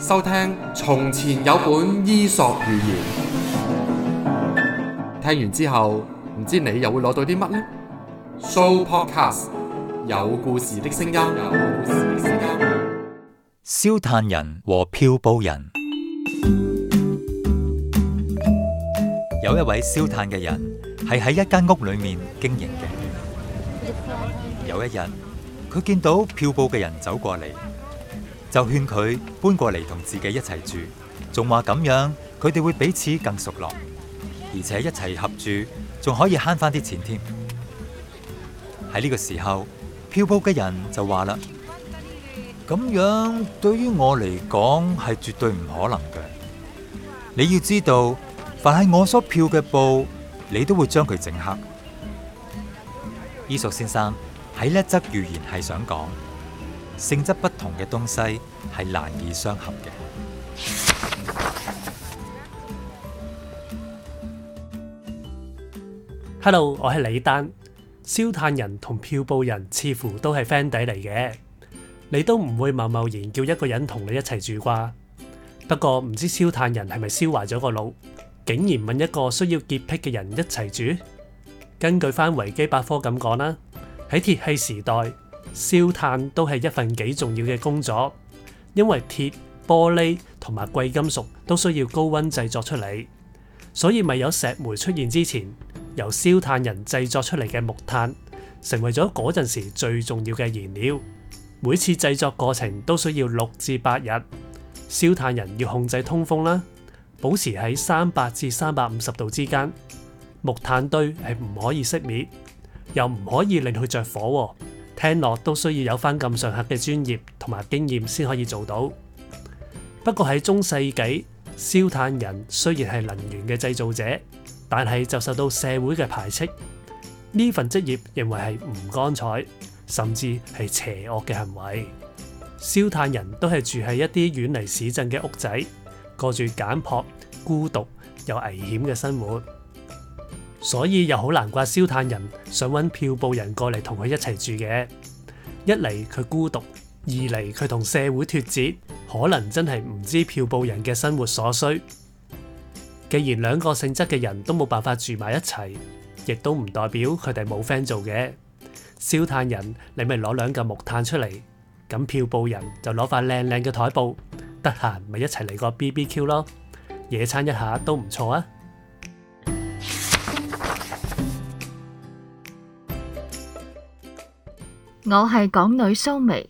收聽從前有本伊索寓言，聽完之後唔知你又會攞到啲乜呢？Sooo Podcast 有故事的聲音。燒炭人和漂布人，有一位燒炭嘅人係喺一間屋裏面經營嘅。 有一日，佢見到漂布嘅人走過嚟。就勸佢搬過嚟同自己一齊住，仲話咁樣佢哋會彼此更熟絡，而且一齊合住仲可以慳翻啲錢添。喺呢個時候，漂布嘅人就話啦，咁樣對於我嚟講係絕對唔可能嘅。你要知道，凡係我所漂嘅布，你都會將佢整黑。伊索 先生喺叻則寓言係想講。性質不同嘅東西係難以相合嘅。Hello，我係李丹。燒炭人同漂布人似乎都係 friend 底嚟嘅。你都唔會貿貿然叫一個人同你一齊住啩？不過唔知燒炭人係咪燒壞咗個腦，竟然問一個需要潔癖嘅人一齊住？根據返維基百科咁講啦，喺鐵器時代。燒炭都係一份幾重要嘅工作，因為鐵、玻璃同埋貴金屬都需要高溫製作出嚟，所以未有石煤出現之前，由燒炭人製作出嚟嘅木炭，成為咗嗰陣時最重要嘅燃料。每次製作過程都需要六至八日，燒炭人要控制通風啦，保持喺三百至三百五十度之間。木炭堆係唔可以熄滅，又唔可以令佢着火。聽落都需要有翻咁上下嘅專業同埋經驗先可以做到。不過喺中世紀，燒炭人雖然係能源嘅製造者，但係就受到社會嘅排斥。呢份職業認為係唔光彩，甚至係邪惡嘅行為。燒炭人都係住喺一啲遠離市鎮嘅屋仔，過住簡樸、孤獨又危險嘅生活。所以又好難怪燒炭人想揾漂布人過嚟同佢一齊住嘅，一嚟佢孤獨，二嚟佢同社會脱節，可能真係唔知漂布人嘅生活所需。既然兩個性質嘅人都冇辦法住埋一齊，亦都唔代表佢哋冇 friend 做嘅。燒炭人，你咪攞兩嚿木炭出嚟，咁漂布人就攞塊靚靚嘅台布，得閒咪一齊嚟個 BBQ 咯，野餐一下都唔錯啊！我係港女蘇眉，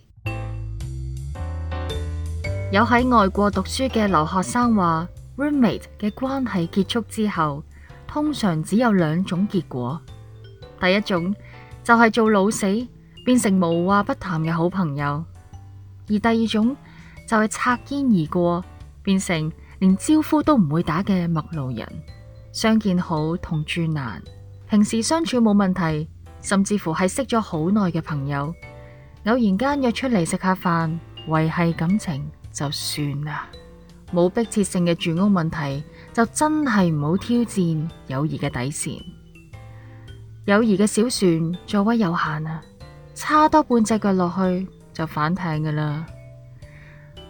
有喺外國讀書嘅留學生話，roommate 嘅關係結束之後，通常只有兩種結果。第一種就係做老死，變成無話不談嘅好朋友；而第二種就係擦肩而過，變成連招呼都唔會打嘅陌路人。相見好同住難，平時相處冇問題。甚至乎係識咗好耐嘅朋友，偶然間約出嚟食下飯，維繫感情就算啦。冇迫切性嘅住屋問題，就真係唔好挑戰友誼嘅底線。友誼嘅小船座位有限啊，差多半隻腳落去就反艇噶啦。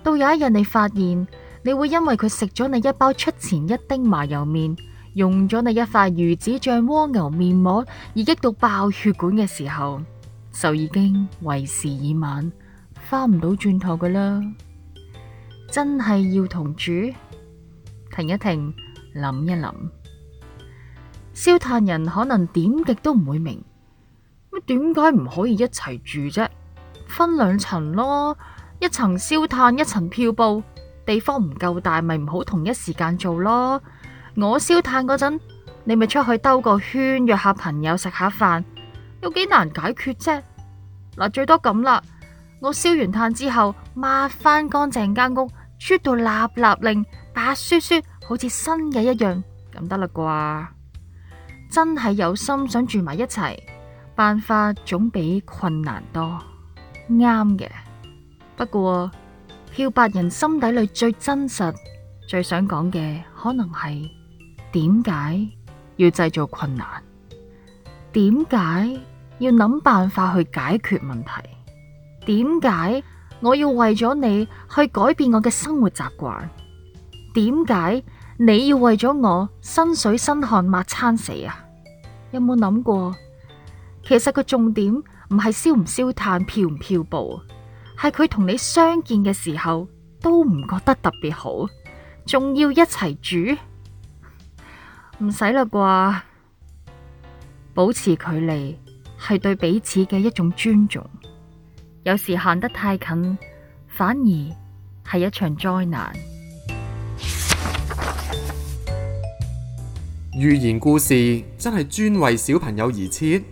到有一日你發現，你會因為佢食咗你一包出前一丁麻油麵，用咗你一塊魚子醬蝸牛面膜而激到爆血管嘅時候，就已經為時已晚，翻唔到轉頭㗎啦！真係要同住，停一停，諗一諗。燒炭人可能點極都唔會明，乜點解唔可以一齊住啫？分兩層咯，一層燒炭，一層漂布，地方唔夠大，咪唔好同一時間做咯。我燒炭嗰陣，你咪出去兜個圈，約下朋友食下飯，有幾難解決啫。嗱、啊，最多咁啦。我燒完炭之後，抹翻乾淨間屋，出到立立令白雪雪，好似新嘅一樣，咁得啦啩。真係有心想住埋一齊，辦法總比困難多，啱嘅。不過漂白人心底裏最真實、最想講嘅，可能係。點解要製造困難？點解要諗辦法去解決問題？點解我要為咗你去改變我嘅生活習慣？點解你要為咗我身水身汗抹餐死啊？有冇諗過？其實個重點唔係燒唔燒炭漂唔漂布，係佢同你相見嘅時候都唔覺得特別好，仲要一齊住。唔使啦啩，保持距離係對彼此嘅一種尊重。有時行得太近，反而係一場災難。寓言故事真係專為小朋友而設，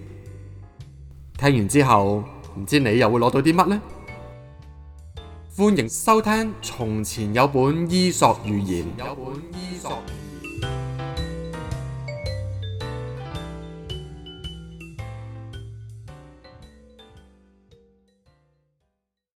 聽完之後唔知你又會攞到啲乜呢？歡迎收聽《從前有本伊索寓言》。有本伊索。